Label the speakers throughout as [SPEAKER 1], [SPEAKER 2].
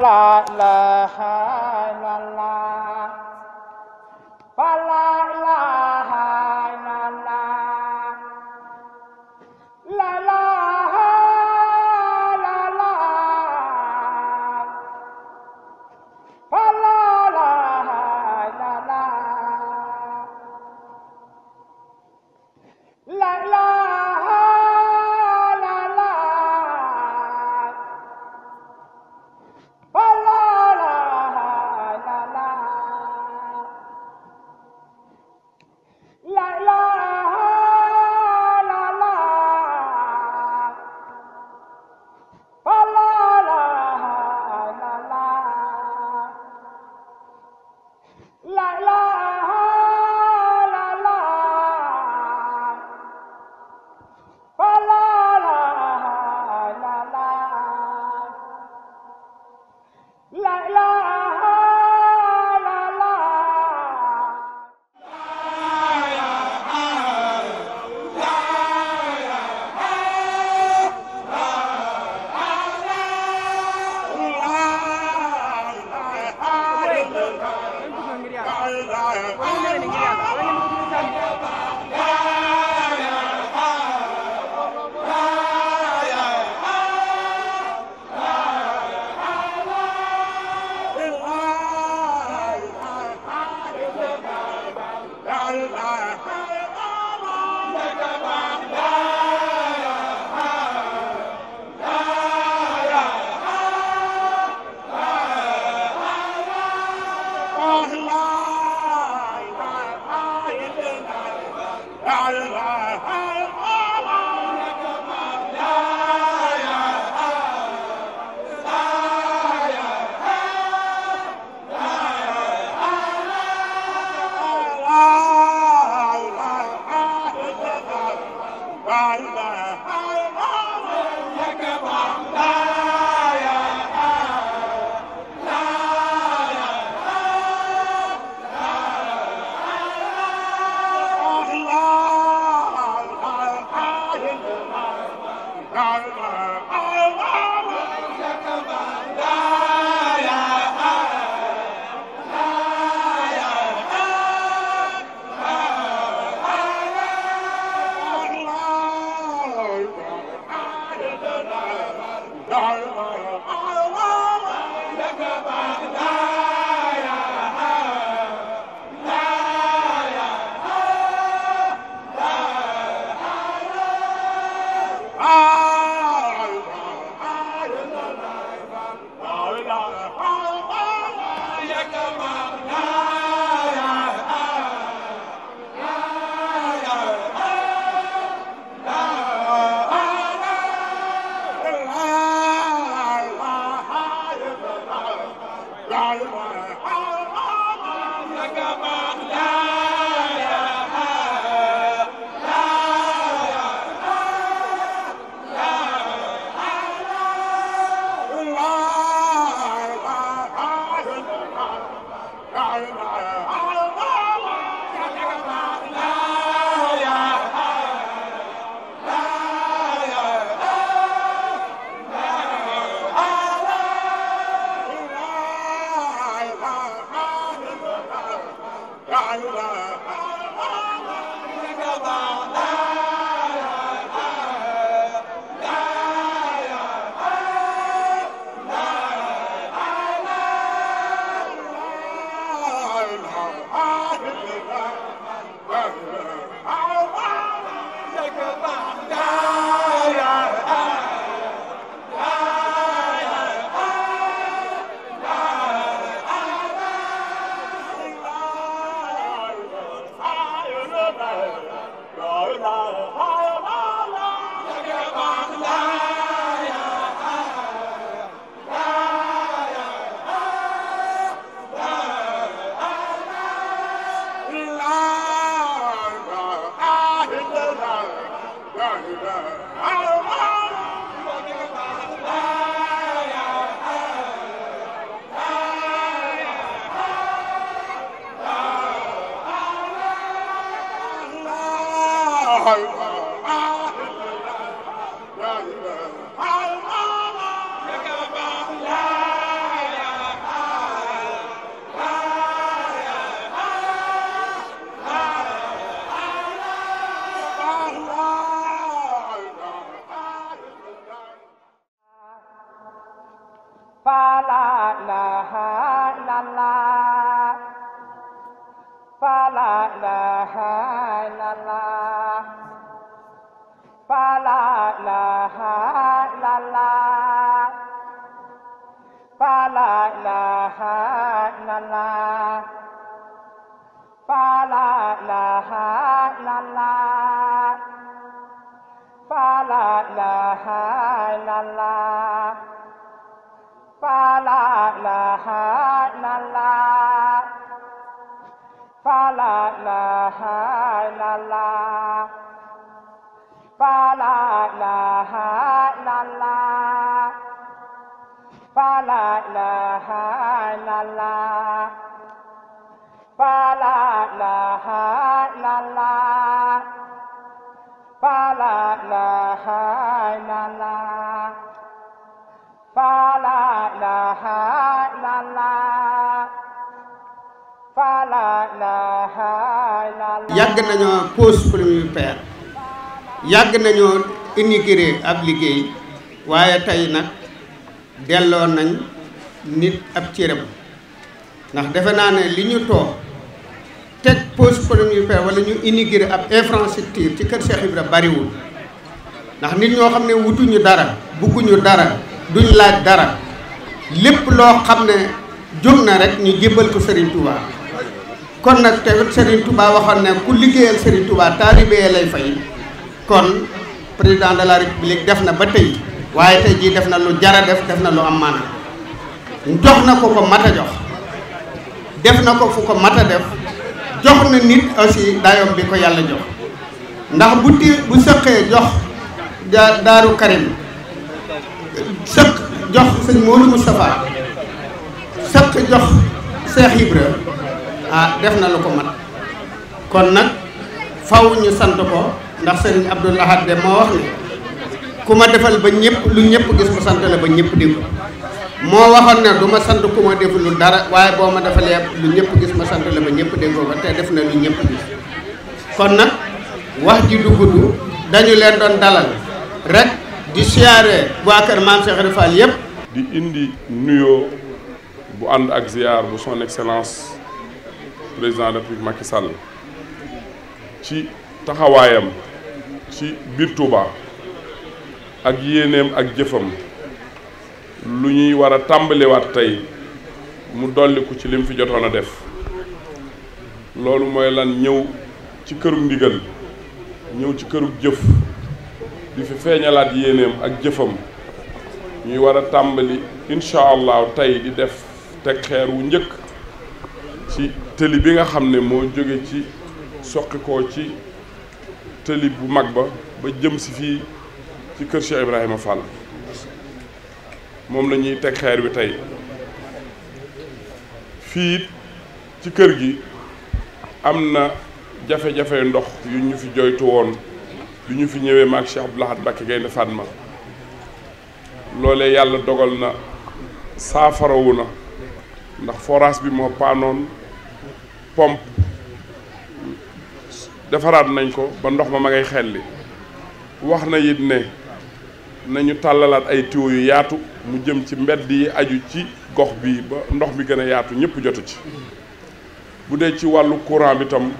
[SPEAKER 1] la la
[SPEAKER 2] waaw Sakama la
[SPEAKER 1] la la
[SPEAKER 3] yàgg nañoo pose première pierre yàgg nañoo inauguré ab liggéey waaye tey nag delloo nañ nit ab cëram ndax defe naa ne li ñu toog teg pose première pierre wala ñu inigré ab infrastructure ci kër Cheikh Ibra bariwul ndax nit ñoo xam ne wutuñu dara bugguñu dara duñ laaj dara lépp loo xam ne jóg na rek ñu jébbal ko Serigne Touba. kon nag te Serigne Touba waxoon ne ku liggéeyal Serigne Touba taalibe lay fay kon président de la république def na ba tey waaye tey jii def na lu jara def def na lu am maana jox na ko ko mat jox def na ko fu ko mat a def jox na nit aussi dayoom bi ko yàlla jox ndax bu ti bu sëqee jox daaru karim sëq jox sëñ Mourou Moustapha sëq jox Cheikh Ibra ah def na lu ko mat kon nag fawuñu sant ko ndax sëriñ Abdou Lahad de moo wax ne ku ma defal ba ñëpp lu ñëpp gis ma santale ba ñëpp di ko moo waxoon ne du ma sant ku ma deful dara waaye boo ma defalee lu ñëpp gis ma santale la ba ñëpp déggoo ko te def na lu ñëpp gis kon nag wax ji du dañu leen doon dalal
[SPEAKER 4] rek di siyaare waa kër maam Cheikh Ibra yëpp. di indi nuyoo bu ànd ak ziar bu son excellence président de la République Macky ci taxawaayam ci biir Touba ak yéeneem ak jëfam lu ñuy war a tàmbaliwaat tey mu dolliku ci lim fi jotoon a def loolu mooy lan ñëw ci kërug ndigal ñëw ci kërug jëf di fi feeñalaat yéeneem ak jëfam ñuy war a tàmbali incha allah tey di def teg xeer wu njëkk ci tëli bi nga xam ne moo jóge ci soqi ci tëli bu mag ba ba jëm si fii ci kër Cheikh Ibrahima Fall moom la ñuy teg bi tey fii ci kër gi am na jafe-jafe ndox yu ñu fi joytu woon yu ñu fi ñëwee maag Cheikh Abdou Lahad Mbacké Gaïndé Fatma loole yàlla dogal na saafarawu na ndax forage bi moo paanoon pompe defaraat nañ ko ba ndox ma ma ngay xelli wax na it ne nañu tàllalaat ay tuyaux yu yaatu mu jëm ci mbedd yi aju ci gox bi ba ndox mi gën a yaatu ñëpp jotu ci bu dee ci wàllu courant bi tam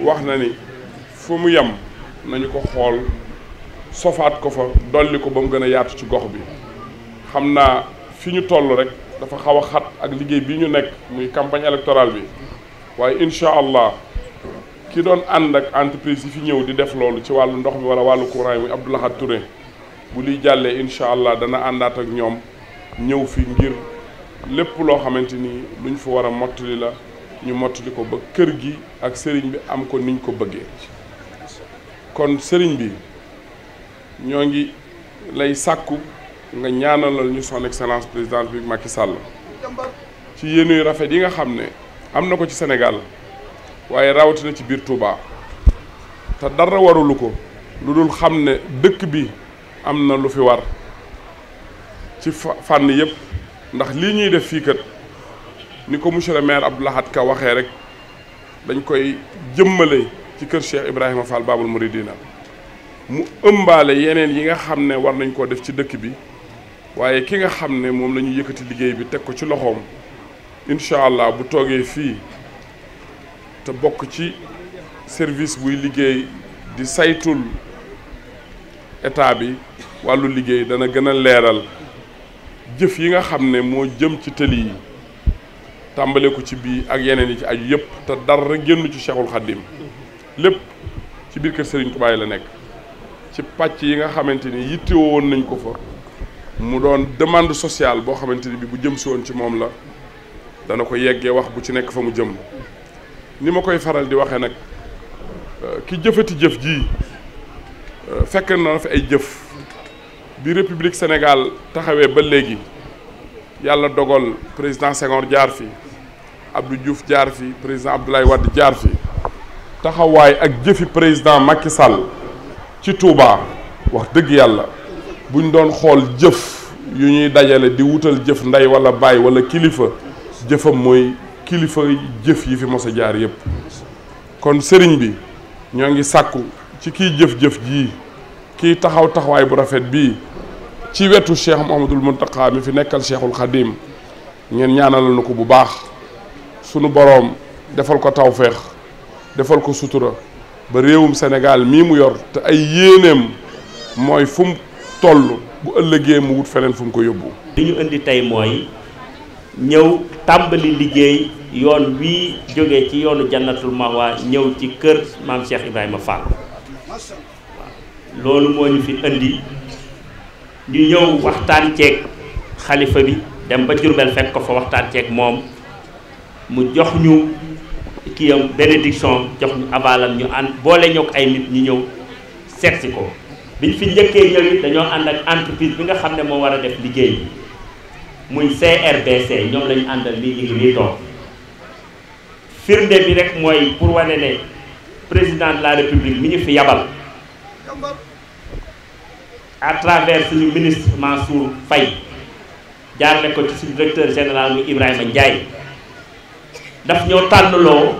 [SPEAKER 4] wax na ni fu mu yem nañu ko xool sofaat ko fa dolli ko ba mu gën a yaatu ci gox bi xam naa fi ñu toll rek dafa xaw a xat ak liggéey bi ñu nekk muy campagne électorale bi waaye incha allah ki doon ànd ak entreprise yi fi ñëw di def loolu ci wàllu ndox mi wala wàllu courant yi muy Abdou Lahad Touré bu liy jàllee incha allah dana àndaat ak ñoom ñëw fi ngir lépp loo xamante ni luñ fa war a mottali la ñu mottali ko ba kër gi ak sëriñ bi am ko niñ ko bëggee kon sëriñ bi ñoo ngi lay sàkku nga ñaanalal ñu son excellence président bi Macky sàll ci yéenuy rafet yi nga xam ne. am na ko ci senegal waaye rawatina ci biir Touba te dara warulu ko lu dul xam ne dëkk bi am na lu fi war ci fànn yëpp ndax lii ñuy def fii kat ni ko monsieur le maire Abdou Lahad Ka waxee rek dañ koy jëmbale ci kër Cheikh Ibrahima Fall Babul Mouridina mu ëmbaale yeneen yi nga xam ne war nañ koo def ci dëkk bi waaye ki nga xam ne moom la ñu yëkkati liggéey bi teg ko ci loxoom. incha allah bu toogee fii te bokk ci service buy liggéey di saytul état bi wàllu liggéey dana gën a leeral jëf yi nga xam ne moo jëm ci tëli yi tàmbale ko ci bii ak yeneen yi ci aju yëpp te dara génn ci Cheikhul Khadim lépp ci biir kër Serigne Touba la nekk ci pàcc yi nga xamante ni yittewoo woon nañ ko fa mu doon demande sociale boo xamante ni bi bu jëm si woon ci moom la dana ko yeggee wax bu ci nekk fa mu jëm ni ma koy faral di waxee nag euh, ki jëfati jëf jii euh, fekk na fi ay jëf bi république Sénégal taxawee ba léegi yàlla dogal président Senghor jaar fi Abdou Diouf jaar fi président Abdoulaye Wade jaar fi taxawaay ak jëfi président Macky sàll ci Touba wax dëgg yàlla buñ doon xool jëf yu ñuy dajale di wutal jëf ndey wala baay wala kilifa. jëfam mooy kilifa jëf yi fi mos jaar yëpp kon sëriñ bi ñoo ngi sàkku ci kiy jëf-jëf jii kiy taxaw taxawaay bu rafet bii ci wetu cheikh Mouhamadul Mountakha mi fi nekkal cheikhul Khadim ngeen ñaanalal na ko bu baax sunu boroom defal ko tawféex defal ko sutura ba réewum senegal mii mu yor te ay yéeneem
[SPEAKER 5] mooy fu mu bu ëllëgee mu wut feneen fu mu ko yóbbu. ñëw tàmbali liggéey yoon wii jóge ci yoonu jannatul mawa ñëw ci kër maam Cheikh Ibrahima Fall waaw loolu moo ñu fi indi ñu ñëw waxtaan ceeg xalifa bi dem ba Jurbel fekk ko fa waxtaan ceeg moom mu jox ñu kiyam bénédiction jox ñu abalam ñu ànd boole ñoo ay nit ñu ñëw seetsi ko biñ fi njëkkee ñëw dañoo ànd ak entreprise bi nga xam ne moo war a def liggéey bi muy CRBC ñoom lañu àndal lii ngi nii toog firnde bi rek mooy pour wane ne président la république mi ñu fi yabal à travers suñu ministre Mansour Faye jaarale ko ci suñu directeur général mu Ibrahima Ndiaye daf ñoo tànnloo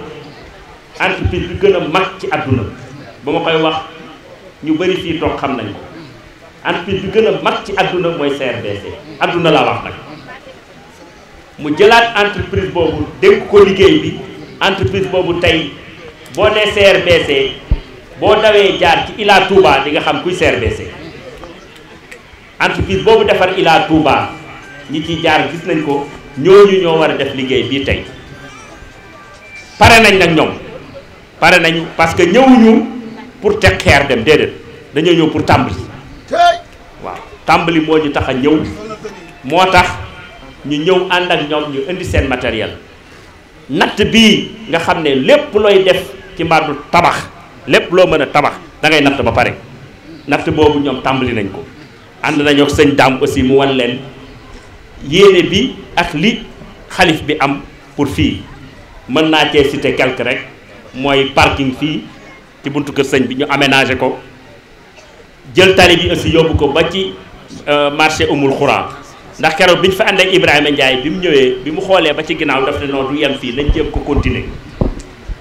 [SPEAKER 5] entreprise bi gën a mag ci àdduna ba ma koy wax ñu bëri fii toog xam nañ ko bi gën a mag ci àdduna mooy CRBC àdduna laa wax nag mu jëlaat entreprise boobu dénk ko liggéey bi entreprise boobu tey boo nee CRBC boo dawee jaar ci Ila Touba di nga xam kuy CRBC entreprise boobu defar ilaa Touba ñi ciy jaar gis nañ ko ñooñu ñoo war a def liggéey bii tey pare nañ nag ñoom pare nañu parce que ñëwuñu pour teg xeer dem déedéet dañoo ñëw pour tàmbali waaw tàmbali moo ñu tax a ñëw moo tax. ñu ñëw ànd ak ñoom ñu indi seen matériel natt bii nga xam ne lépp looy def ci mbàddu tabax lépp loo mën a tabax da ngay natt ba pare natt boobu ñoom tàmbali nañ ko ànd nañu ak sëñ daam aussi mu wan leen yéene bi ak li xalif bi am pour fii mën naa cee citer quelque rek mooy parking fii ci buntu kër sëñ bi ñu aménagé ko jël tali bi aussi yóbbu ko ba ci euh, marché umul xuraa ndax keroog bi ñu fa ànd ak Ibrahima Ndiaye bi mu ñëwee bi mu xoolee ba ci ginnaaw dafa ne noonu du yem fii nañ jéem ko continuer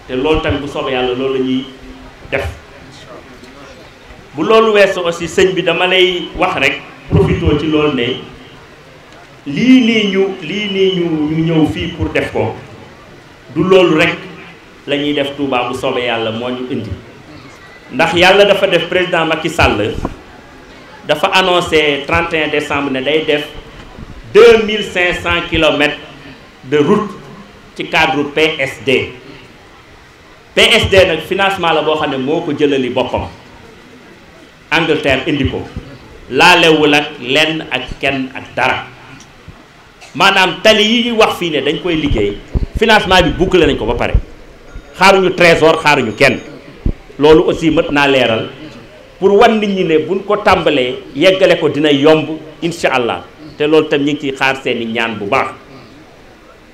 [SPEAKER 5] te loolu tamit bu soobee yàlla loolu la ñuy def bu loolu weesu aussi sëñ bi dama lay wax rek profitoo ci loolu ne lii nii ñu lii nii ñu ñëw fii pour def ko du loolu rek la ñuy def Touba bu soobee yàlla moo ñu indi ndax yàlla dafa def président Macky Sall dafa annoncé 31 décembre ne day def. deux mille cinq cent kilomètres de route ci cadre PSD PSD nag financement la boo xam ne moo ko jëlali boppam Angleterre indi ko laalewul ak lenn ak kenn ak dara maanaam tali yi ñuy wax fii ne dañ koy liggéey financement bi bouclé nañ ko ba pare xaaruñu trésor xaaruñu kenn loolu aussi mët naa leeral pour wan nit ñi ne buñ ko tàmbalee yeggale ko dina yomb incha allah te loolu tam ñu ngi ciy xaar seeni ñaan bu baax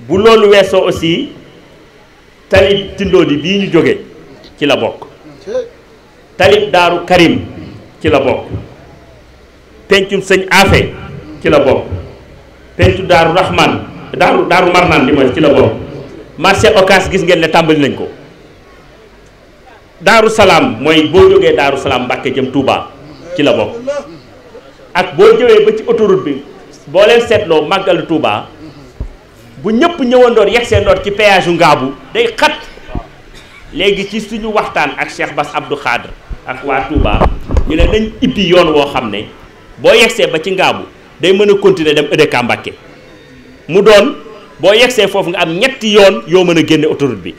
[SPEAKER 5] bu loolu weesoo aussi tali Tindodi bii ñu jóge ci la bokk talib daaru Karim ci la bokk pencum sëñ Afe ci la bokk pencu daaru Rahman daaru daaru Marnaan li ma ci la bokk marché Ocass gis ngeen ne tàmbali nañ ko daaru salaam mooy boo jógee daaru salaam Mbàkke jëm Touba ci la bokk ak boo jëwee ba ci autoroute bi boo leen seetloo màggalu Touba bu ñëpp ñëwandoor yegsee ndoor ci péage ngaabu day xat léegi ci suñu waxtaan ak Cheikh Bass Abdou Khadre ak waa Touba ñu ne dañ ibbi yoon woo xam ne boo yegsee ba ci ngaabu day mën a continuer dem EDK Mbacké mu doon boo yegsee foofu nga am ñetti yoon yoo mën a génne autoroute bi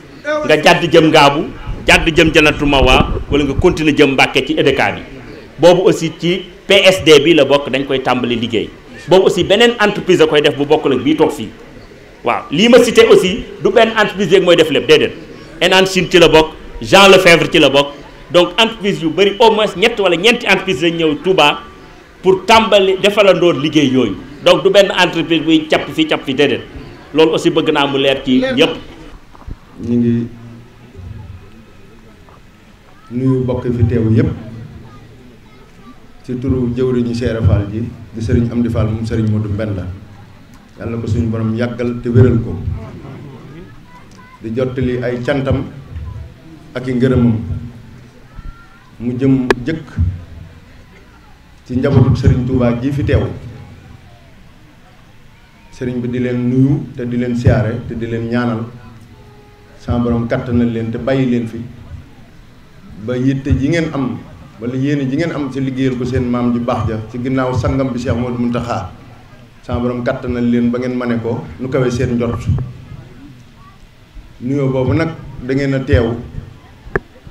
[SPEAKER 5] nga jàdd jëm ngaabu jàdd jëm Jannatul waa wala nga continuer jëm Mbacké ci EDK bi boobu aussi ci PSD bi la bokk dañ koy tàmbali liggéey boobu aussi beneen entreprise da koy def bu bokkul ak bii toog fii waaw lii ma cité aussi du benn entreprise yeeg mooy def lépp déedéet Enan Chine ci la bokk Jean Lefebvre ci la bokk donc entreprise yu bëri au moins ñett wala ñeenti entreprise dañ ñëw Touba pour tàmbali defalandoo liggéey yooyu donc du benn entreprise buy capp fi capp fi déedéet loolu aussi bëgg naa mu leer ci ñépp
[SPEAKER 4] ñu ngi
[SPEAKER 6] nuyu bokk fi teew yépp ci turu jëwriñu Seere Fall ji di sëriñ am Amdi Fall moom sëriñ Modou la yàlla ko suñu borom yàggal te wéral ko di jottali ay cantam ak i ngërëmam mu jëm jëkk ci njabootu sëriñ Touba ji fi teew sëriñ bi di leen nuyu te di leen siyaare te di leen ñaanal sama borom kàttanal leen te bàyyi leen fi ba yitte ji ngeen am wala yéen ji ngeen am ci liggéeyal ko seen maam ji baax ja ci ginnaaw sangam bi Cheikh Modou Mountakha sama borom kàttanal leen ba ngeen mane ko nu kawe seen njort nuyoo boobu nag da a teew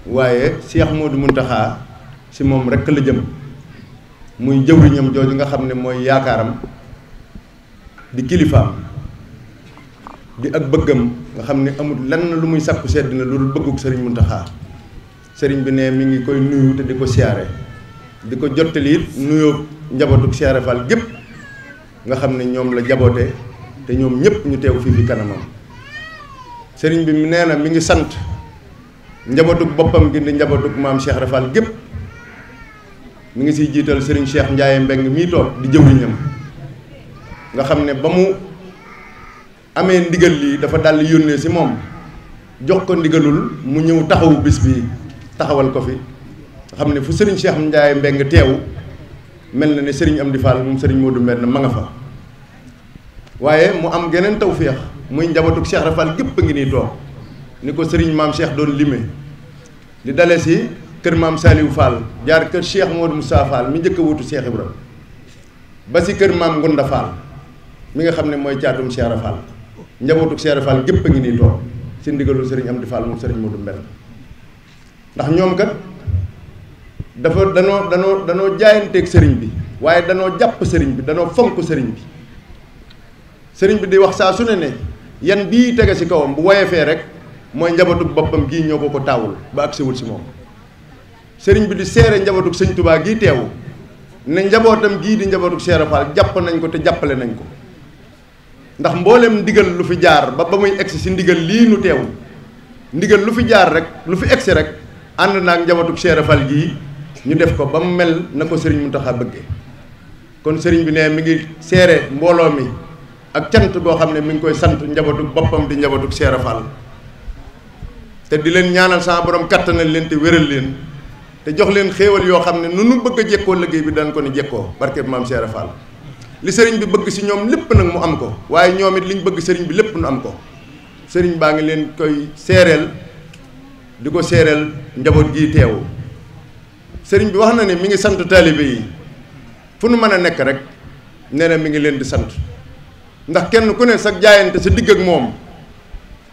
[SPEAKER 6] waaye Cheikh Modou Mountakha si moom rek la jëm muy jëwriñam jooju nga xam ne mooy yaakaaram di kilifaam di ak bëggam nga xam ne amul lenn lu muy sàkku sedd na lu dul bëgguk sëriñ Mountakha sëriñ bi nee mi ngi koy nuyu te di ko siyaare di ko jottali it nuyoo siyaare Fall gépp nga xam ne ñoom la jaboote te ñoom ñëpp ñu teew fii fi kanamam sëriñ bi nee na mi ngi sant njabootuk boppam gi di njabootuk maam Cheikh Rafal gépp mu ngi siy jiital sëriñ Cheikh Ndiaye Mbeng mii toog di jëwriñam nga xam ne ba mu amee ndigal lii dafa dal yónnee si moom jox ko ndigalul mu ñëw taxawu bis bii taxawal ko fi xam ne fu sëriñ Cheikh Ndiaye Mbeng teew mel na ne sëriñ Amdi Fall moom sëriñ Modou Mbène ma nga fa waaye mu am geneen taw tawféex muy njabootug Cheikh Rafal gépp a ngi nii toog ni ko sëriñ maam Cheikh doon lime li dale si kër maam Saliou Fall jaar kër Cheikh Modou Moussa mi njëkk a wutu Cheikh Ibrahima ba si kër maam Ngunda mi nga xam ne mooy caatum Cheikh Rafal njabootug Cheikh Rafal gépp a ngi nii toog si ndigalul sëriñ Amdi Fall moom sëriñ Modou Mbène ndax ñoom kat dafa danoo danoo danoo jaayanteeg sëriñ bi waaye danoo jàpp sëriñ bi danoo fonk sëriñ bi sëriñ bi di wax saa su ne ne yan bii tege ci kawam bu woyefee rek mooy njabatug boppam gii ñoo ko ko taawul ba agsiwul ci moom sëriñ bi di seere njabatug sëñ tubaab gii teewu ne njabootam gii di njabootu Cheikh Fall jàpp nañ ko te jàppale nañ ko ndax mboolem ndigal lu fi jaar ba ba muy egsi si ndigal lii nu teew ndigal lu fi jaar rek lu fi egsi rek ànd ak njabootu Cheikh Rafal gii ñu def ko ba mu mel na ko sëriñ a bëgge kon sëriñ bi nee mi ngi seere mbooloo mi ak cant goo xam ne mi ngi koy sant njabootu boppam di njabootu Cheikh Rafal te di leen ñaanal sama borom kattanal leen te wéral leen te jox leen xéewal yoo xam ne nu nu bëgg jekkoo liggéey bi daan ko ne jekkoo barke bi maam Cheikh Fall li sëriñ bi bëgg si ñoom lépp nag mu am ko waaye ñoom it liñ bëgg sëriñ bi lépp nu am ko sëriñ baa ngi leen koy seereel di ko séeral njaboot gii teewu sëriñ bi wax na ne mi ngi sant taalibe yi fu nu mën a nekk rek nee na mi ngi leen di sant ndax kenn ku ne sa jaayante sa digg ak moom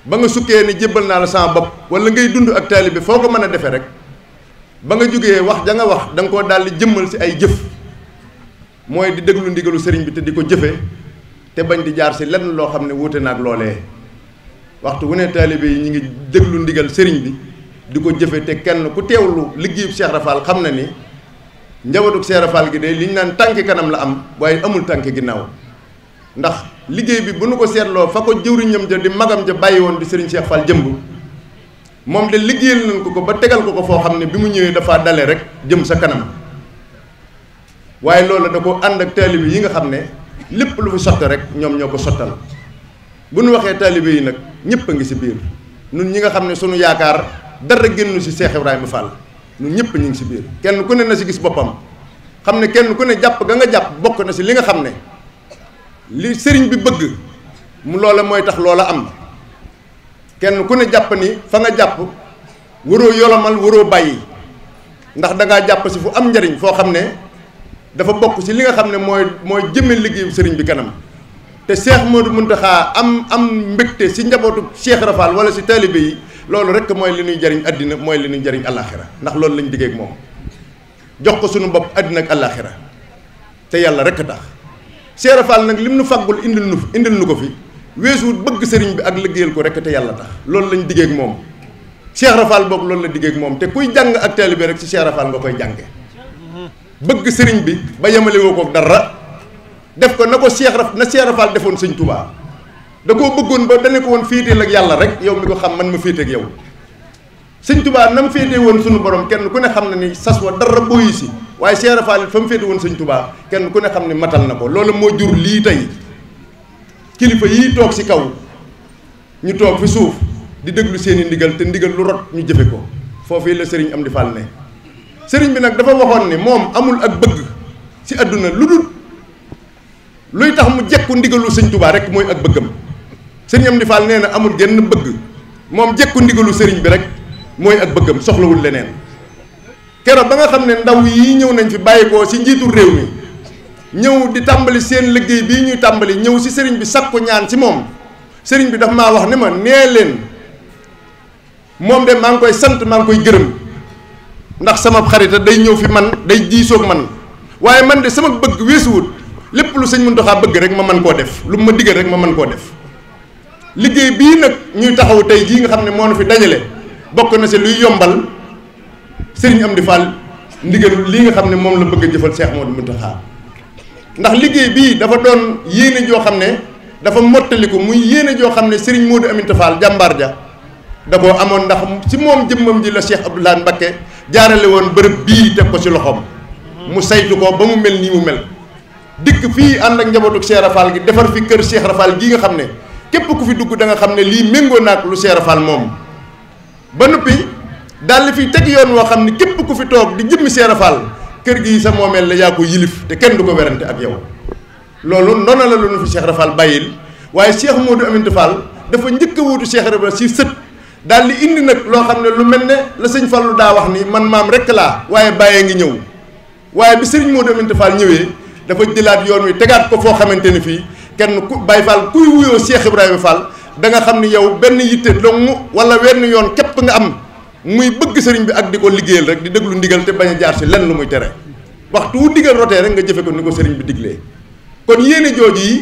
[SPEAKER 6] ba nga sukkee ne jébbal naa la sama bopp wala ngay dund ak taalibe foo ko mën a defee rek ba nga jógee wax ja nga wax danga ko koo daal di jëmmal si ay jëf mooy di déglu ndigalu sëriñ bi te di ko jëfe te bañ di jaar si lenn loo xam ne wuute naa ak loolee waxtu wu ne taalibe yi ñu ngi déglu ndigal sëriñ bi di ko jëfe te kenn ku teewlu liggéeyub Cheikh Rafal xam na ni njabootu Cheikh Rafal gi de li ñu naan tànk kanam la am waaye amul tànk ginnaaw ndax liggéey bi bu nu ko seetloo fa ko jëwriñam ja di magam ja bàyyi woon di Serigne Cheikh Fall jëmb moom de liggéeyal nañ ko ko ba tegal ko ko foo xam ne bi mu ñëwee dafa dale rek jëm sa kanam waaye loolu da ko ànd ak taalibe yi nga xam ne lépp lu fi sotti rek ñoom ñoo ko sottal bu nu waxee taalibe yi nag ñëpp a ngi si biir nun ñi nga xam ne sunu yaakaar. dara génnu si Cheikh Ibrahima Fall ñun ñëpp ñu ngi si biir kenn ku ne na si gis boppam xam ne kenn ku ne jàpp ga nga jàpp bokk na si li nga xam ne li sëriñ bi bëgg mu loola mooy tax loola am kenn ku ne jàpp ni fa nga jàpp waroo yolomal waroo bàyyi ndax da jàpp si fu am njariñ foo xam ne dafa bokk si li nga xam ne mooy mooy jëme liggéeyu sëriñ bi kanam te Cheikh Modou Mountakha am am mbégte si njabootu Cheikh Rafal wala si taalibe yi. loolu rek mooy li ñuy jariñ àddina mooy li jariñ àllaaxira ndax loolu lañ diggee ak moom jox ko suñu bopp àddina ak àllaaxira te yàlla rek a tax Cheikh Fall nag lim nu faggul indil nu indil nu ko fi weesuwut bëgg sëriñ bi ak liggéeyal ko rek te yàlla tax loolu lañu diggee ak moom Cheikh Rafal boobu loolu la diggee ak moom te kuy jàng ak taalibe rek ci Cheikh Rafal nga koy jànge bëgg sëriñ bi ba yemale ko dara def ko na ko Cheikh na Cheikh Rafal defoon sëñ da koo bëggoon ba dana ko woon féeteel ak yàlla rek yow mi ko xam man ma féete ak yow sëñ tubaa nam féete woon suñu borom kenn ku ne xam ne ni sas wa dara boyu si waaye Cheikh Fall fa mu féete woon sëñ tubaa kenn ku ne xam ne matal na ko loolu moo jur lii tey kilifa yii toog si kaw ñu toog fi suuf di déglu seeni ndigal te ndigal lu rot ñu jëfe ko foofii la sëriñ Amdi Fall ne sëriñ bi nag dafa waxoon ne moom amul ak bëgg si àdduna lu dul luy tax mu jekku ndigalu sëñ rek mooy ak bëggam sëriñ Amdi Fall nee na amul genn bëgg moom jekku ndigalu sëriñ bi rek mooy ak bëggam soxlawul leneen keroog ba nga xam ne ndaw yi ñëw nañ fi bàyyikoo ci njiitu réew mi ñëw di tàmbali seen liggéey bii ñuy tàmbali ñëw si sëriñ bi sakku ñaan ci moom sëriñ bi daf maa wax ne ma nee leen moom de maa ngi koy sant maa ngi koy gërëm ndax sama xarita day ñëw fi man day diisoog man waaye man de sama bëgg weesuwut lépp lu sëñ Muntaxa bëgg rek ma mën koo def lu mu ma digal rek ma mën koo def liggéey bii nag ñuy taxaw tey jii nga xam ne moo na fi dajale bokk na si luy yombal am Amdi Fall ndigal lii nga xam ne moom la bëgg a jëfal Cheikh Modou Mountakha ndax liggéey bii dafa doon yéene joo xam ne dafa mottaliku muy yéene joo xam ne Serigne Modou Aminta Fall jàmbaar ja da koo amoon ndax ci moom jëmmam ji la Cheikh Abdoulaye Mbacké jaarale woon bërëb bii teg ko si loxoom mu saytu ko ba mu mel nii mu mel dikk fii ànd ak njabootu Cheikh Rafal gi kër Cheikh Rafal gii nga xam ne. képp ku fi dugg danga xam ne lii méngoo naak lu Cheikh Fall moom ba noppi daal fi teg yoon woo xam ne képp ku fi toog di jëmmi Cheikh Fall kër gi sa moomeel la yaa ko yilif te kenn du ko werante ak yow loolu noonu la lu nu fi Cheikh Fall bàyyil waaye Cheikh Modou Aminta Fall dafa njëkk a wuutu Cheikh Fall si sët daal di indi nag loo xam ne lu mel ne la sëñ Fallou daa wax ni man maam rek laa waaye bàyyee ngi ñëw waaye bi sëriñ Modou Aminta Fall ñëwee dafa yoon wi tegaat ko foo xamante ni fii kenn ku Baye Fall kuy wuyoo Cheikh Ibrahima Fall da nga xam ni yow benn yitte dong wala wenn yoon képp nga am muy bëgg sëriñ bi ak di ko liggéeyal rek di déglu ndigal te bañ jaar si lenn lu muy tere waxtu wu ndigal rotee rek nga jëfe ko ni ko sëriñ bi diglee kon yéene jooju yi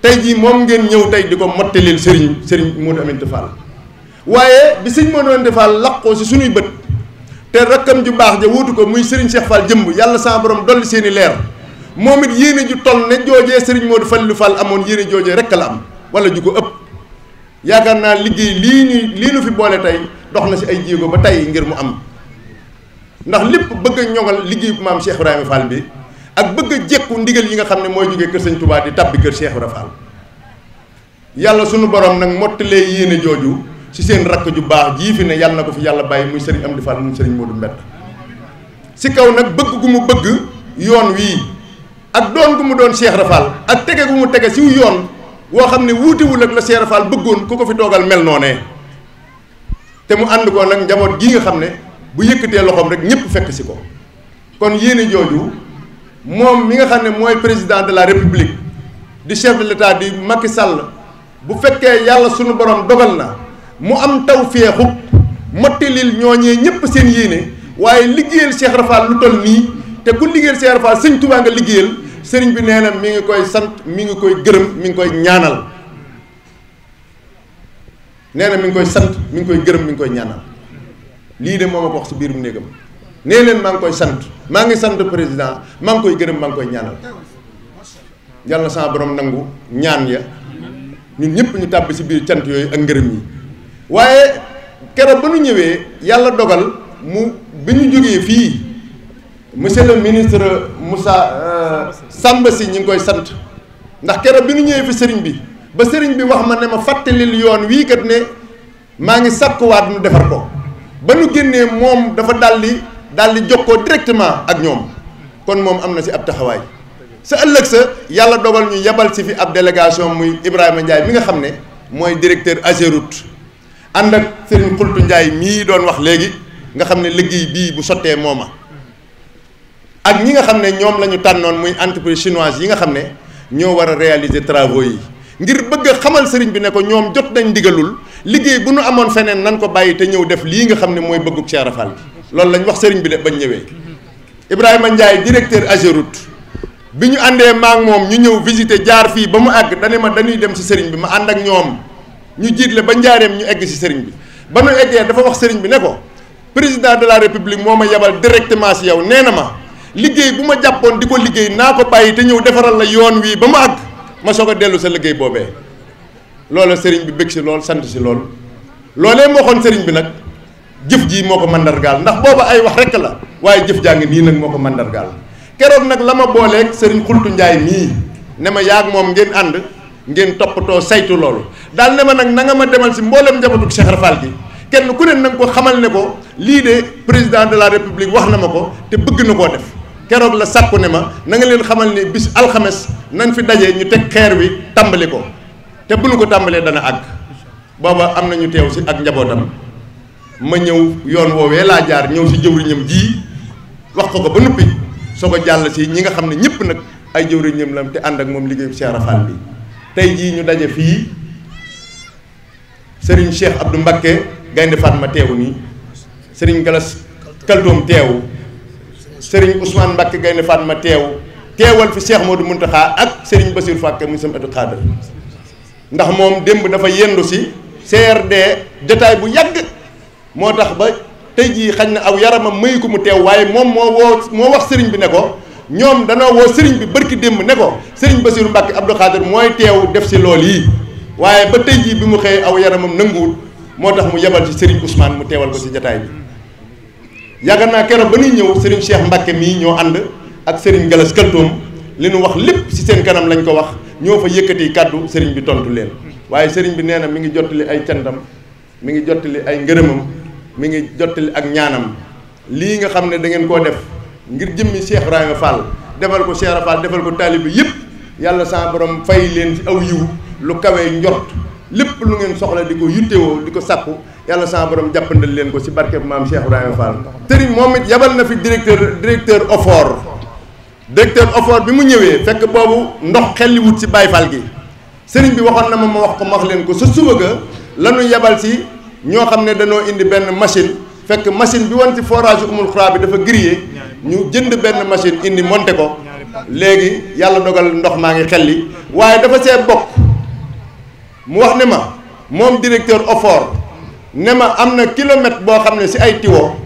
[SPEAKER 6] tey jii moom ngeen ñëw tey di ko mottalil sëriñ sëriñ Modou Aminta Fall waaye bi sëñ moo Aminta Fall lakkoo si suñuy bët te rakkam ju baax ja wuutu ko muy sëriñ Cheikh Fall jëmb yàlla sa borom dolli seen i moom it yéene ju toll ne joojee sëriñ Modou Fallou Fall amoon yéene joojee rekk la am wala ju ko ëpp yaakaar naa liggéey lii ñuy lii nu fi boole tey dox na si ay jéego ba tey ngir mu am ndax lépp bëgg a liggéey bu ma Cheikh Ibrahima Fall bi ak bëgg a jekku ndigal yi nga xam ne mooy jógee kër sëñ tubaab di tàbbi kër Cheikh Ibrahima Fall yàlla sunu borom nag mottalee yéene jooju ci seen rakk ju baax jii fi ne yàlla na ko fi yàlla bàyyi muy sëriñ am Fall muy sëriñ Modou Mbett nag bëgg gu wii. ak doon gu mu doon Cheikh Rafal ak tege gu mu tege siw yoon woo xam ne wuutiwul ak la Cheikh Rafal bëggoon ku ko fi toogal mel noonee te mu ànd ko nag njaboot gii nga xam ne bu yëkkatee loxoom rek ñëpp fekk si ko kon yéene jooju moom mi nga xam ne mooy président de la république di chef de l'état di Macky Sall bu fekkee yàlla sunu borom dogal na mu am taw féexub mottilil ñooñee ñëpp seen yéene waaye liggéeyal Cheikh Rafal lu toll nii te ku liggéeyal Cheikh Rafal sëñ Tuubaa nga liggéeyal sëriñ bi nee na mi ngi koy sant mi ngi koy gërëm mi ngi koy ñaanal nee na mi ngi koy sant mi ngi koy gërëm mi ngi koy ñaanal lii de moo ma ko wax si biirum néegam nee leen maa ngi koy sant maa ngi sant président maa ngi koy gërëm maa ngi koy ñaanal yàlla na sama borom nangu ñaan ya ñun ñëpp ñu tàbbi si biir sant yooyu ak ngërëm yi waaye keroog ba nu ñëwee yàlla dogal mu bi ñu jógee fii monsieur le ministre musaa euh, sàmba si ñi ngi koy sant ndax keroog bi nu ñëwee fi sëriñ bi ba sëriñ bi wax ma ne ma fàttalil yoon wii kat ne maa ngi sàkkuwaat nu defar ko ba nu génnee moom dafa daldi daldi jokkoo directement ak ñoom kon moom am na si ab taxawaay sa ëllëg sa yàlla dogal ñu yebal si fi ab délégation muy Ibrahima Ndiaye mi nga xam ne mooy directeur Ageroute ànd ak sëriñ Xultu Ndiaye mii doon wax léegi nga xam ne liggéey bii bu sottee mooma ak ñi nga xam ne ñoom la ñu tànnoon muy entreprise chinoise yi nga xam ne ñoo war a réaliser travaux yi ngir bëgg a xamal sëriñ bi ne ko ñoom jot nañ digalul liggéey bu nu amoon feneen nan ko bàyyi te ñëw def lii nga xam ne mooy bëggug Cheikh Rafal bi loolu lañ wax sëriñ bi de bañ ñëwee Ibrahima Ndiaye directeur Ageroute bi ñu àndee maak moom ñu ñëw visiter jaar fii ba mu àgg dane ma dañuy dem ci sëriñ bi ma ànd ak ñoom ñu jiitle ba njaareem ñu egg si sëriñ bi ba nu eggee wax sëriñ bi ne ko président de la république moo ma yebal directement si yow nee na ma liggéey bu ma jàppoon di ko liggéey naa ko bàyyi te ñëw defaral la yoon wii ba ma àgg ma soog a dellu sa liggéey boobee loola sëriñ bi bëgg si lool sant si lool loolee moo xoon sëriñ bi nag jëf jii moo ko mandargaal ndax booba ay wax rekk la waaye jëf jaa ngi nii nag moo ko mandargaal keroog nag la ma booleeg sëriñ xultu njaay mii ne ma yaag moom ngeen ànd ngeen toppatoo saytu loolu daal ne ma nag nanga ma demal si mboolem njabootu Cheikh Rafal gi kenn ku ne na nga xamal ne ko lii de président la république wax na ma ko te bëgg na koo def keroog la sàkku ne ma nanga leen xamal ni bis alxames nañ fi dajee ñu teg xeer wi tàmbali ko te bu ñu ko tàmbalee dana àgg booba am na ñu teew si ak njabootam ma ñëw yoon woowee laa jaar ñëw si jëw jëwriñam jii wax ko ko ba nuppi soo ko jàll si ñi nga xam ne ñëpp nag ay jëw jëwriñam lam te ànd ak moom liggéeyu Cheikh Rafal bi tey jii ñu daje fii Serigne Cheikh Abdou Mbacké Gaynde Fatma teewu nii Serigne Galas Kaltoom teewu sëriñ Ousmane Mbacke Gaynde ma teew teewal fi Cheikh Modou Mountakha ak sëriñ Bassirou Facké muy sam atu xaadar ndax moom démb dafa yendu si CRD jotaay bu yàgg moo tax ba tey jii xañ na aw yaramam mayu ko mu teew waaye moom moo wo moo wax sëriñ bi ne ko ñoom danoo woo sëriñ bi barki démb ne ko sëriñ Bassirou Mbacke Abdou Khadir mooy teew def si lool yi waaye ba tey jii bi mu xëyee aw yaramam nanguwul moo tax mu yebal ci sëriñ Ousmane mu teewal ko si jotaay bi yaakaar naa keroog ba ñuy ñëw Serigne Cheikh Mbacke mii ñoo ànd ak Serigne Gallas Kaltoom li nu wax lépp ci seen kanam lañ ko wax ñoo fa yëkkati kàddu Serigne bi tontu leen waaye sëriñ bi nee na mi ngi jottali ay cantam mi ngi jottali ay ngërëmam mi ngi jottali ak ñaanam lii nga xam ne da ngeen koo def ngir jëmmi Cheikh Ibrahima Fall defal ko Cheikh Fall defal ko taalibe yëpp yàlla sa borom fay leen ci aw yiw lu kawee njort lépp lu ngeen soxla di ko yittewoo di ko sàkku yàlla sama borom jàppandal leen ko ci barke bu maam Cheikh Ibrahima Fall. sëriñ moom it yabal na fi directeur directeur OFOR directeur OFOR bi mu ñëwee fekk boobu ndox xelli wut ci Baye gi sëriñ bi waxoon na ma ma wax ko ma wax leen ko sa suba ga la ñu yabal ci ñoo xam ne danoo indi benn machine. fekk machine bi woon ci forage umul xuraa bi dafa grillé ñu jënd benn machine indi monté ko léegi yàlla dogal ndox maa ngi xelli waaye dafa see bokk mu wax ne ma moom directeur OFOR ne ma am na kilomètre boo xam ne si ay tiwo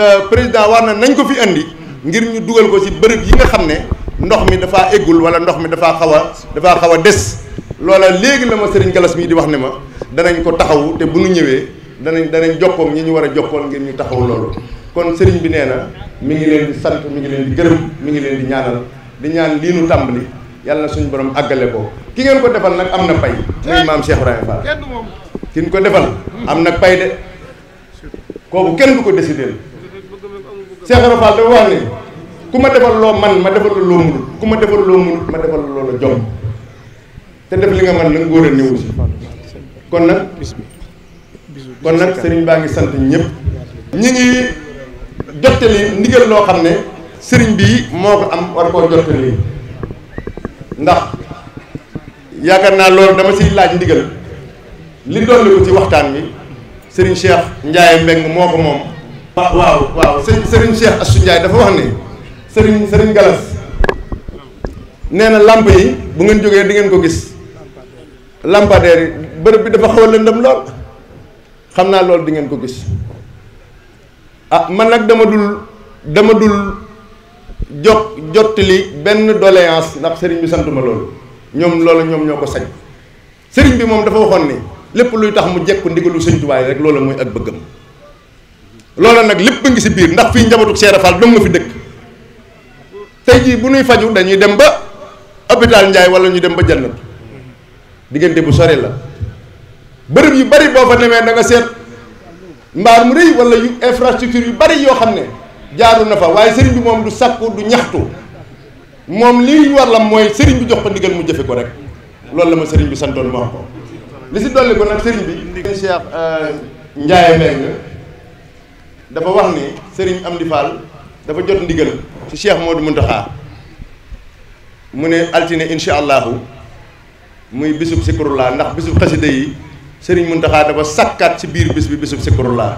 [SPEAKER 6] euh, président war na nañ ko fi indi ngir ñu dugal ko si bërëb yi nga xam ne ndox mi dafaa eggul wala ndox mi dafaa xaw a dafaa xaw a des loola léegi la ma sëriñ Galas mii di wax ne ma danañ ko taxawu te bu nu ñëwee danañ danañ jokkoog ñi ñu war a jokkoon ngir ñu taxawu loolu kon sëriñ bi nee na mi ngi leen di sant mu ngi leen di gërëm mi ngi leen di ñaanal di ñaan lii nu tàmbali yàlla na suñu borom àggale ko ki ngeen ko defal nag am na pay muy eh, maam Cheikh Ibrahima Fall kin ko defal am nag kooku kenn du ko décider Cheikh wax ne ku ma defal loo man ma defal loo ku ma defal loo ma defal loo la li nga man la ngóor a néew si kon nag kon nag sëriñ baa ngi sant ñëpp ñi ngi jottali ndigal loo xam ne sëriñ bii moo ko am war koo jottali ndax yaakaar naa loolu dama siy laaj ndigal li dolli ko ci waxtaan wi sëriñ Cheikh Ndiaye Mbeng moo ko moom. waaw waaw Serigne Cheikh Assou Ndiaye dafa wax ne sëriñ Serigne Galas nee na làmp yi bu ngeen jógee di ngeen ko gis lampadaire yi bërëb bi dafa xaw a lëndëm lool xam naa lool di ngeen ko gis ah man nag dama dul dama dul jot jottali benn doléance ndax Serigne bi santuma loolu ñoom loolu ñoom ñoo ko sañ Serigne bi moom dafa waxoon nii lépp luy tax mu jekku ndigalu sëñ Tuubaa rek loola mooy ak bëggam loola nag lépp ngi si biir ndax fii njabootu Cheikh Fall dong nga fi dëkk tey jii bu nuy faju dañuy dem ba hôpital njaay wala ñu dem ba jannat diggante bu sore la bërëb yu bari boo fa nemee da nga seet mbaar mu rëy wala yu infrastructure yu bari yoo xam ne jaaru na fa waaye sëriñ bi moom du sàkku du ñaxtu moom lii war la mooy sëriñ bi jox ko ndigal mu jëfe ko rek loolu la ma sëriñ bi santoon li si dolli ko nag sëriñ bi Cheikh euh, Ndiaye Meng dafa wax ni sëriñ Amdi Fall dafa jot ndigal ci Cheikh Modou Mountakha mu ne altine insha allahu muy bisub sikurulaa ndax bisub xasida yi sëriñ Mountakha dafa sakkaat ci biir bis bi bisub sikurulaa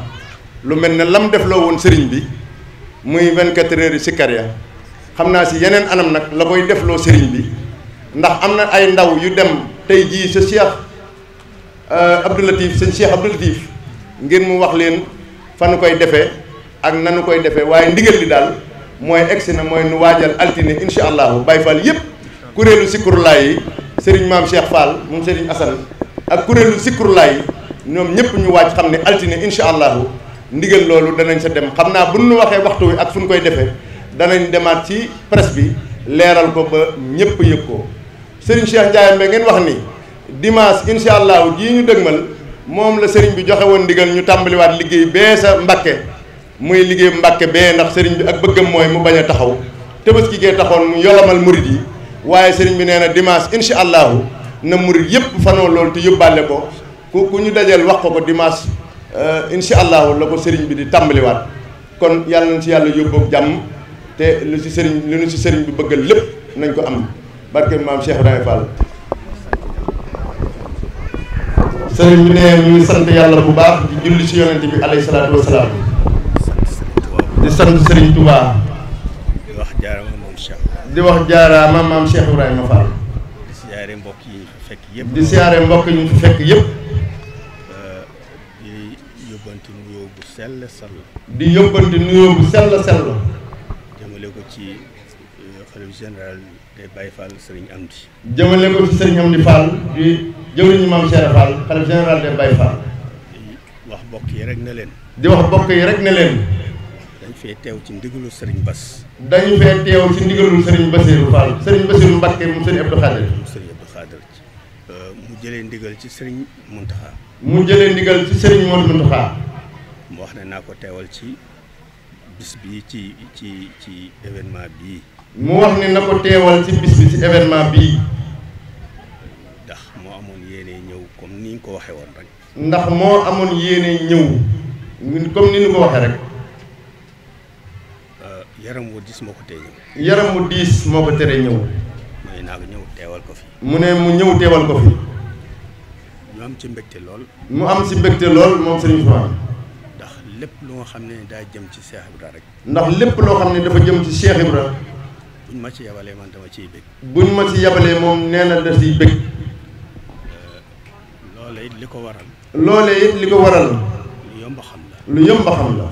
[SPEAKER 6] lu mel ne lam def woon sëriñ bi muy 24 heures yi sikkar ya xam naa si yeneen anam nag la koy defloo sëriñ bi ndax am na ay ndaw yu dem tey jii sa Cheikh Euh, Abdou Latif sëñ Cheikh Abdou Latif ngir mu wax leen fa nu koy defee ak nanu koy defee waaye ndigal li daal mooy egsi na mooy nu waajal altine incha allahu bay Fall yëpp kuréelu Sikurulaay yi sëriñ maam Cheikh Fall moom sëriñ Assane ak kuréelu Sikurulaay yi ñoom ñëpp ñu waaj xam ne altine incha allahu ndigal loolu danañ sa dem xam naa bu nu waxee waxtu wi ak fu ñu koy defee danañ demaat ci presse bi leeral ko ba ñëpp yëg ko sëriñ Cheikh Ndiaye ngeen wax ni. dimanche incha allahu jii ñu dëgmal moom la sëriñ bi joxe woon ndigal ñu tàmbaliwaat liggéey bee sa mbakke muy liggéey mbakke bee ndax sëriñ bi ak bëggam mooy mu bañ a taxaw tabaski gee taxoon mu yolomal murit yi waaye sëriñ bi nee na dimanche incha allahu na murit yëpp fanoo loolu te yóbbaale ko ku ku ñu dajal wax ko ko dimanche euh, incha allahu la ko sëriñ bi di tàmbaliwaat kon yàlla na ci yàlla yóbboog jàmm te lu si sëriñ lu nu ci sëriñ bi bëggal lépp nañ ko am barke maam Cheikh Ibrahima Fall sëriñ bi nee ñu sant yàlla bu baax di julli ci yonent bi alayhi salaatu wa di sant sëriñ Touba
[SPEAKER 2] di wax jaaraama moom Cheikh
[SPEAKER 6] di wax jaaraama maam di
[SPEAKER 7] siyaare mbokk yi ñu fi fekk yëpp di siyaare mbokk
[SPEAKER 3] ñu fi fekk yëpp
[SPEAKER 7] di yóbbanti nuyoo bu sell sell di yóbbanti nuyoo bu sell sell jëmale ko ci euh, xalifa général day sëriñ Amdi
[SPEAKER 6] jëmale ko di jëwriñu maam Cheikh Fall xalif général de Baye Fall. di wax bokk yi rek ne leen. di wax bokk yi rek ne leen.
[SPEAKER 7] dañ fee teew ci ndigalu Serigne Bass. dañ fee teew ci ndigalu Serigne Bassirou Fall Serigne Bassirou Mbacké mu Serigne Abdou Khadir. mu Serigne Abdou Khadir euh, mu jëlee ndigal ci Serigne Mountakha. mu jëlee ndigal ci Serigne Modou Mountakha. mu wax ne naa ko teewal ci bis bi ci ci ci événement bi mu wax ne na ko teewal ci bis bi ci événement ko waxee woon rek.
[SPEAKER 6] ndax moo amoon yéene ñëw comme ni ñu ko waxee rek.
[SPEAKER 7] Euh, yaram wu diis moo ko tee
[SPEAKER 6] ñëw. diis moo ko teree ñëw. mu ne naa ko ñëw teewal ko fi. mu ne mu ñëw teewal ko fi. mu am ci mbégte lool. mu am ci mbégte lool moom Serigne Soumaré. ndax lépp lu nga xam
[SPEAKER 7] ne daa jëm ci Cheikh Ibra rek. ndax lépp loo xam ne dafa jëm ci Cheikh Ibra. buñ ma ci yabalee man dama ciy bég.
[SPEAKER 6] buñ ma ci yabalee moom nee na da ciy bég.
[SPEAKER 7] loolee it li ko waral.
[SPEAKER 6] loolee it li ko waral. lu yomb xam la. lu yomb xam la.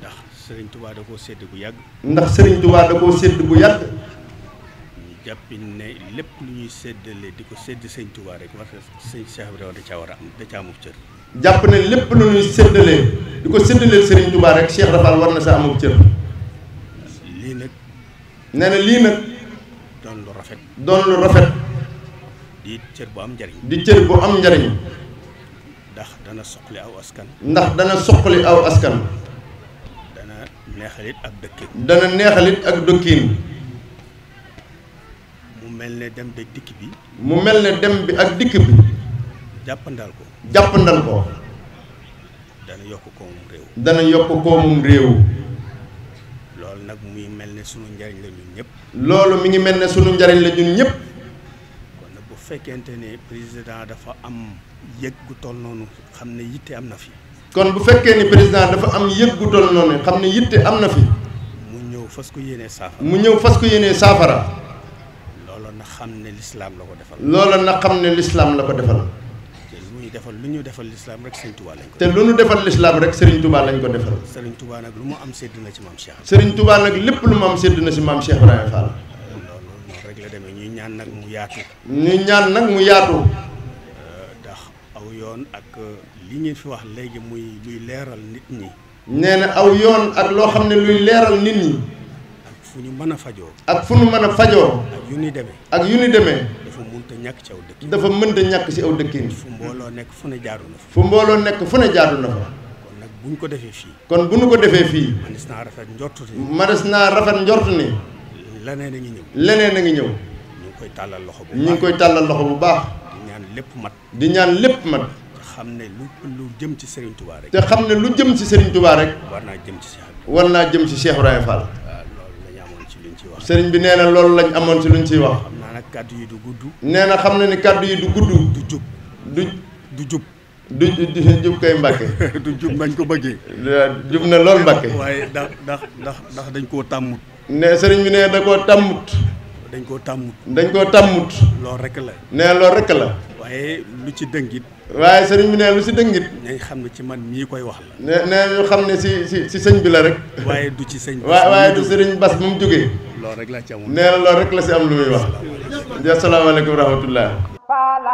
[SPEAKER 7] ndax Serigne Touba da koo sedd bu yàgg. ndax sëriñ Touba da koo sédd bu yàgg. ñu jàpp ne lépp lu ñuy séddale di ko sédd Serigne Touba rek war na sëñ Cheikh Ibrahima da caa war am da caa amub cër.
[SPEAKER 6] jàpp ne lépp lu ñuy ko séddaleel Serigne Touba rek Cheikh Rafal war na sa amub cër. lii nag. nee na lii nag. doon lu rafet. doon lu rafet.
[SPEAKER 7] di cër bu am njariñ di cër bu am njariñ ndax dana soqali aw askan ndax dana soqali aw askan dana neexalit ak
[SPEAKER 6] dëkkiin ak dëkkiin mu mel
[SPEAKER 7] ne dem bi bi
[SPEAKER 6] mu mel ne dem bi ak dikk bi
[SPEAKER 7] jàppandal ko
[SPEAKER 3] jàppandal
[SPEAKER 6] ko
[SPEAKER 7] dana yokk koomum réew dana yokk koomum réew loolu nag muy mel ne sunu njariñ la ñun ñëpp loolu mi ngi mel ne sunu njariñ la ñun fekkente ne président dafa am yëg gu toll noonu xam ne yitte am na fi.
[SPEAKER 6] kon bu fekkee ni président dafa am yëg gu toll noonu xam ne yitte am na fi.
[SPEAKER 7] mu ñëw fas ko yéenee saafara. mu ñëw fas ko
[SPEAKER 6] yéenee saafara.
[SPEAKER 7] loola na xam ne lislaam la ko defal.
[SPEAKER 6] loola na xam ne lislaam la ko defal.
[SPEAKER 7] defal lu ñu defal lislaam rek Serigne Touba lañ ko. te lu ñu defal lislaam rek Serigne Touba lañ
[SPEAKER 6] ko defal. Serigne Touba nag lu mu am sédd na ci maam Cheikh. Serigne Touba nag lépp lu mu am sédd na si maam Cheikh Ibrahima Fall.
[SPEAKER 7] ñaan nag mu yaatu.
[SPEAKER 6] ñu ñaan nag mu yaatu.
[SPEAKER 7] Euh, ndax aw yoon ak euh, li ñu fi wax léegi muy luy leeral nit ñi.
[SPEAKER 6] nee na aw yoon ak loo xam ne luy leeral nit ñi. ak fu ñu mën a fajoo. ak fu nu mën a fajoo. ak yu ni demee. ak yu ni demee.
[SPEAKER 7] dafa mënta ñàkk ci aw dëkk.
[SPEAKER 6] dafa mënta ñàkk ci aw dëkk. fu mbooloo nekk fu ne jaadu na fa. fu mbooloo nekk fu ne jaadu na fa. bu ñu ko defee fii. kon bu ñu ko defee fii.
[SPEAKER 7] manes naa rafet njort
[SPEAKER 6] ni. manes naa rafet njort ni. leneen a ngi ñëw. leneen a ñëw.
[SPEAKER 7] koy tàllal loxo bu baax ñu ngi koy
[SPEAKER 6] tàllal loxo bu baax.
[SPEAKER 7] di ñaan lépp mat.
[SPEAKER 6] di ñaan lépp mat. xam ne lu lu jëm ci Serigne Touba rek. te xam ne lu jëm ci Serigne Touba rek. war naa jëm ci Cheikh war naa jëm ci Cheikh ciy wax sëriñ bi nee na loolu lañ amoon ci lu ñu ciy wax. xam
[SPEAKER 7] naa nag kàddu yi du gudd.
[SPEAKER 6] nee na xam na ni kàddu yi du gudd. du jub du du jub. du jub koy mbàkke. du jub nañ ko bëggee. jub na lool mbàkke. waaye ndax ndax ndax ndax dañ koo tàmmut. ne sëriñ dañ koo tàmmut. dañ koo tàmmut. loolu rekk la. nee loolu rekk la. waaye lu ci dëngit. waaye sëriñ bi nee lu si dëngit. nañ xam ne ci man mii koy wax la. nee nee ñu xam ne si si sëñ bi la rek.
[SPEAKER 2] waaye du ci sëñ. waaw waaye du sëriñ Bas bu mu jógee. loolu rek laa ci amoon
[SPEAKER 6] nee loolu rek la si am lu muy wax. di asalaamaaleykum wa rahmatullah.